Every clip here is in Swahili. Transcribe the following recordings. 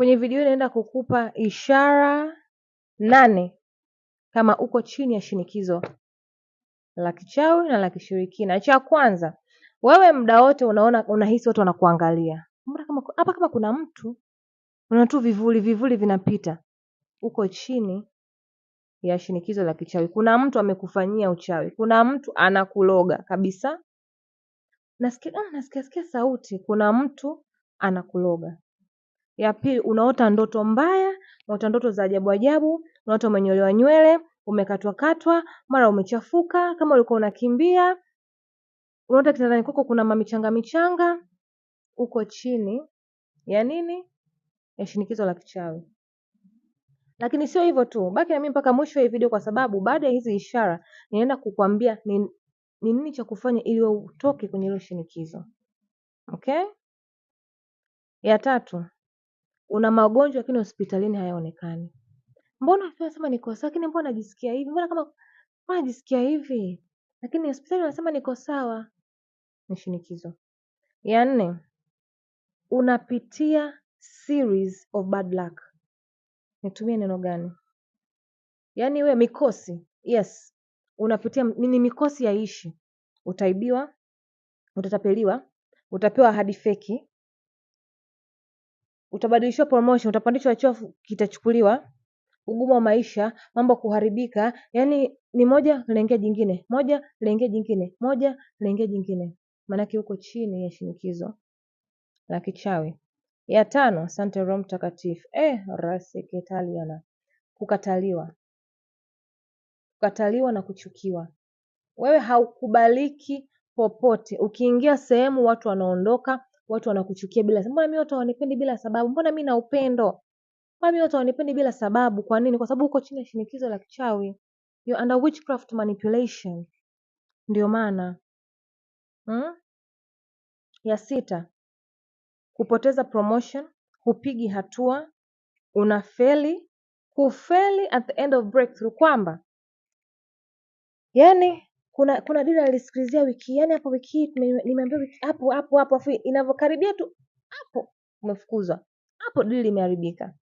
Kwenye video inaenda kukupa ishara nane kama uko chini ya shinikizo la kichawi na la kishirikina. Cha kwanza, wewe muda wote unaona unahisi watu wanakuangalia. Mbona kama hapa kama kuna mtu unaona tu vivuli vivuli vinapita. Uko chini ya shinikizo la kichawi. Kuna mtu amekufanyia uchawi. Kuna mtu anakuloga kabisa. Nasikia ah, nasikia sauti. Kuna mtu anakuloga. Ya pili unaota ndoto mbaya, unaota ndoto za ajabu ajabu, unaota umenyolewa nywele, umekatwa katwa, mara umechafuka kama ulikuwa unakimbia. Unaota kitandani kwako kuna mamichanga michanga, uko chini ya nini? Ya shinikizo la kichawi. Lakini sio hivyo tu, baki na mimi mpaka mwisho wa video, kwa sababu baada ya hizi ishara ninaenda kukwambia ni ni nini cha kufanya ili utoke kwenye hilo shinikizo. Okay? Ya tatu, una magonjwa lakini hospitalini hayaonekani. Mbona afya anasema niko sawa, lakini mbona najisikia hivi? Mbona kama mbona najisikia hivi? Lakini hospitali wanasema niko sawa. Ni shinikizo. Ya nne, unapitia series of bad luck. Nitumie neno gani? Yaani we mikosi. Yes. Unapitia ni mikosi ya ishi. Utaibiwa, utatapeliwa, utapewa ahadi feki, utabadilishiwa promotion, utapandishwa cheo kitachukuliwa, ugumu wa maisha, mambo kuharibika, yani ni moja lengea jingine, moja lengea jingine, moja lengea jingine, maanake huko chini ya shinikizo la kichawi. Ya tano, Sante Roho Mtakatifu eh, raseketaliana, kukataliwa, kukataliwa na kuchukiwa. Wewe haukubaliki popote. Ukiingia sehemu, watu wanaondoka, watu wanakuchukia bila sababu, mbona mimi watu hawanipendi bila sababu, mbona mimi na upendo, mbona mimi watu hawanipendi bila sababu. Kwa nini? Kwa sababu uko chini ya shinikizo la kichawi, you under witchcraft manipulation. Ndio maana hmm? Ya sita, kupoteza promotion, hupigi hatua, unafeli, kufeli at the end of breakthrough, kwamba Yaani kuna kuna dili alisikilizia wiki yani hapo wiki hii nimeambiwa hapo hapo hapo afu inavyokaribia tu hapo umefukuzwa hapo dili limeharibika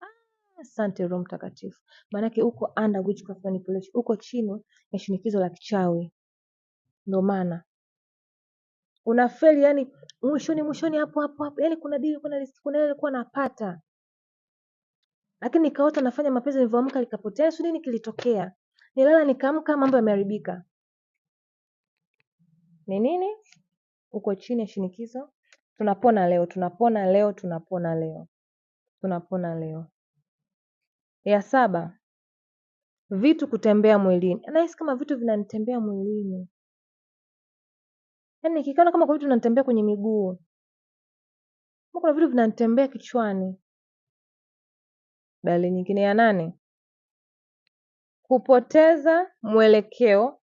ah, asante roho mtakatifu maanake uko under witchcraft manipulation uko chini ya shinikizo la kichawi ndio maana una unafeli yani mwishoni mwishoni hapo hapo hapo yani kuna dili kuna risk kuna ile ilikuwa napata lakini nikaota nafanya mapenzi nilivyoamka likapotea sio nini kilitokea nilala nikaamka mambo yameharibika ni nini? Uko chini ya shinikizo. Tunapona leo, tunapona leo, tunapona leo, tunapona leo. Ya saba, vitu kutembea mwilini. Nahisi kama vitu vinanitembea mwilini, yaani nikiona kama kwa vitu vinanitembea kwenye miguu, kama kuna vitu vinanitembea kichwani. Dalili nyingine ya nane, kupoteza mwelekeo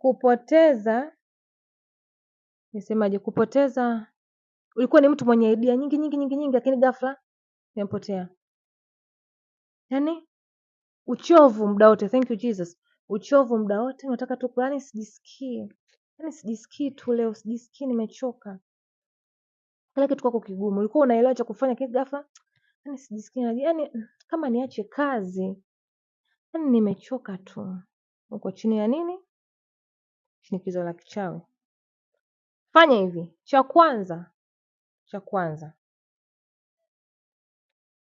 kupoteza nisemaje, kupoteza ulikuwa ni mtu mwenye idea nyingi nyingi nyingi nyingi, lakini ghafla imepotea. Yani uchovu muda wote. Thank you Jesus. Uchovu muda wote, nataka tu kulala, yaani sijisikii yani, sijisikii tu leo, sijisikii, nimechoka, kila kitu kwako kigumu. Ulikuwa unaelewa cha kufanya, lakini ghafla yani, sijisikii yani, yaani, kama niache kazi yani, nimechoka tu. Uko chini ya nini? shinikizo la kichawi. Fanya hivi, cha kwanza cha kwanza,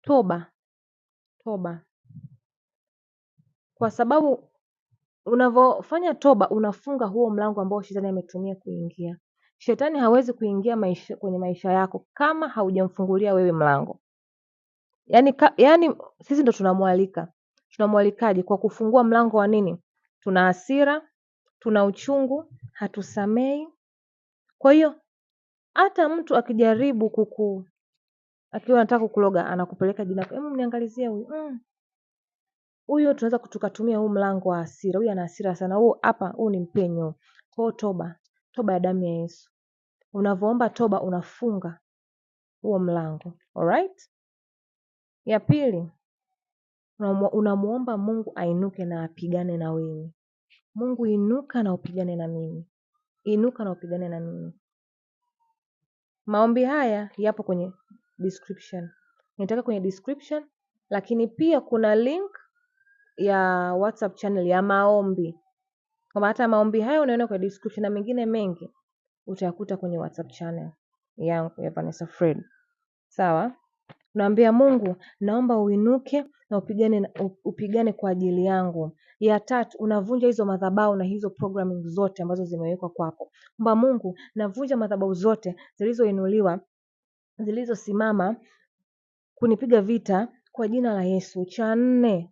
toba toba, kwa sababu unavyofanya toba unafunga huo mlango ambao shetani ametumia kuingia. Shetani hawezi kuingia maisha, kwenye maisha yako kama haujamfungulia wewe mlango. Yaani ka, yaani sisi ndo tunamwalika. Tunamwalikaje? Kwa kufungua mlango wa nini? Tuna hasira, tuna uchungu, hatusamei Kwa hiyo hata mtu akijaribu kuku akiwa anataka kukuloga anakupeleka jina lako, hebu mniangalizie huyu mm. Huyu tunaweza tukatumia huu mlango wa hasira, huyu ana hasira sana, huu hapa, huu ni mpenyo. Kwa toba, toba ya damu ya Yesu. Unavyoomba toba, unafunga huo mlango. Alright? Ya pili, unamuomba Mungu ainuke na apigane na wewe. Mungu inuka na upigane na mimi. Inuka na upigane na mimi. Maombi haya yapo kwenye description. nitaka kwenye description lakini pia kuna link ya WhatsApp channel ya maombi. Kwa hata maombi haya unaona kwa description na mengine mengi utayakuta kwenye WhatsApp channel yangu ya Vanessa Fred. Sawa? naambia Mungu, naomba uinuke na upigane upigane kwa ajili yangu. Ya tatu, unavunja hizo madhabahu na hizo programming zote ambazo zimewekwa kwako, kwamba Mungu, navunja madhabahu zote zilizoinuliwa, zilizosimama kunipiga vita kwa jina la Yesu. Cha nne,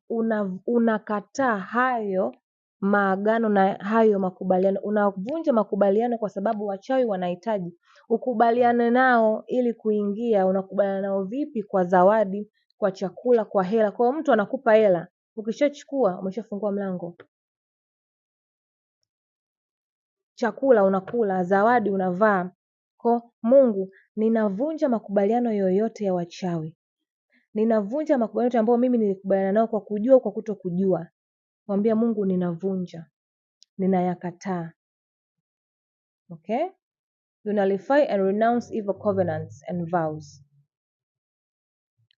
unakataa una hayo maagano na hayo makubaliano, unavunja makubaliano, kwa sababu wachawi wanahitaji ukubaliane nao ili kuingia. Unakubaliana nao vipi? Kwa zawadi, kwa chakula, kwa hela. Kwa mtu anakupa hela, Ukishachukua umeshafungua mlango, chakula unakula, zawadi unavaa. Ko, Mungu, ninavunja makubaliano yoyote ya wachawi, ninavunja makubaliano yote ambayo mimi nilikubaliana nao kwa kujua, kwa kuto kujua Mwambia Mungu, ninavunja, ninayakataa. Okay? You nullify and renounce evil covenants and vows.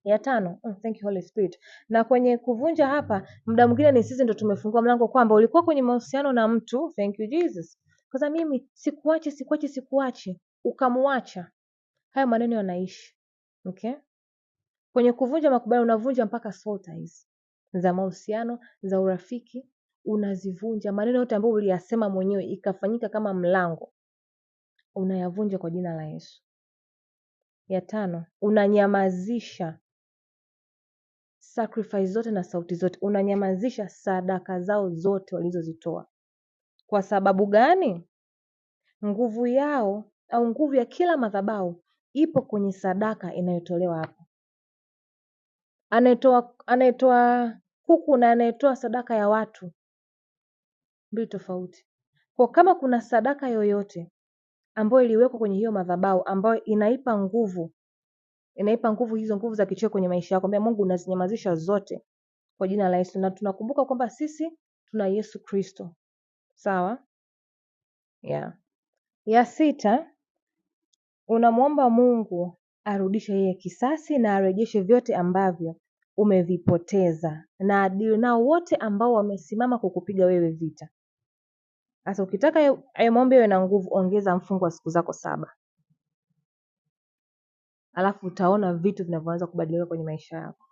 Ya tano, oh, thank you Holy Spirit. Na kwenye kuvunja hapa, muda mwingine ni sisi ndo tumefungua mlango kwamba ulikuwa kwenye mahusiano na mtu, thank you Jesus. Kwanza mimi sikuache, sikuache, sikuache, ukamwacha. Hayo maneno yanaishi. Okay? Kwenye kuvunja makubaliano unavunja mpaka soul ties za mahusiano, za urafiki, unazivunja. Maneno yote ambayo uliyasema mwenyewe ikafanyika kama mlango. Unayavunja kwa jina la Yesu. Ya tano, unanyamazisha sacrifice zote na sauti zote, unanyamazisha sadaka zao zote walizozitoa. Kwa sababu gani? Nguvu yao au nguvu ya kila madhabahu ipo kwenye sadaka inayotolewa hapo. Anayetoa kuku na anayetoa sadaka ya watu mbili tofauti. Kwa kama kuna sadaka yoyote ambayo iliwekwa kwenye hiyo madhabahu ambayo inaipa nguvu Inaipa nguvu hizo nguvu za kichwa kwenye maisha yako. Mbea Mungu unazinyamazisha zote kwa jina la Yesu, na tunakumbuka kwamba sisi tuna Yesu Kristo, sawa? Yeah. Ya sita, unamwomba Mungu arudishe yeye kisasi na arejeshe vyote ambavyo umevipoteza na adili nao wote ambao wamesimama kukupiga wewe vita. Sasa ukitaka hayo maombi yawe na nguvu, ongeza mfungo wa siku zako saba alafu utaona vitu vinavyoanza kubadilika kwenye maisha yako.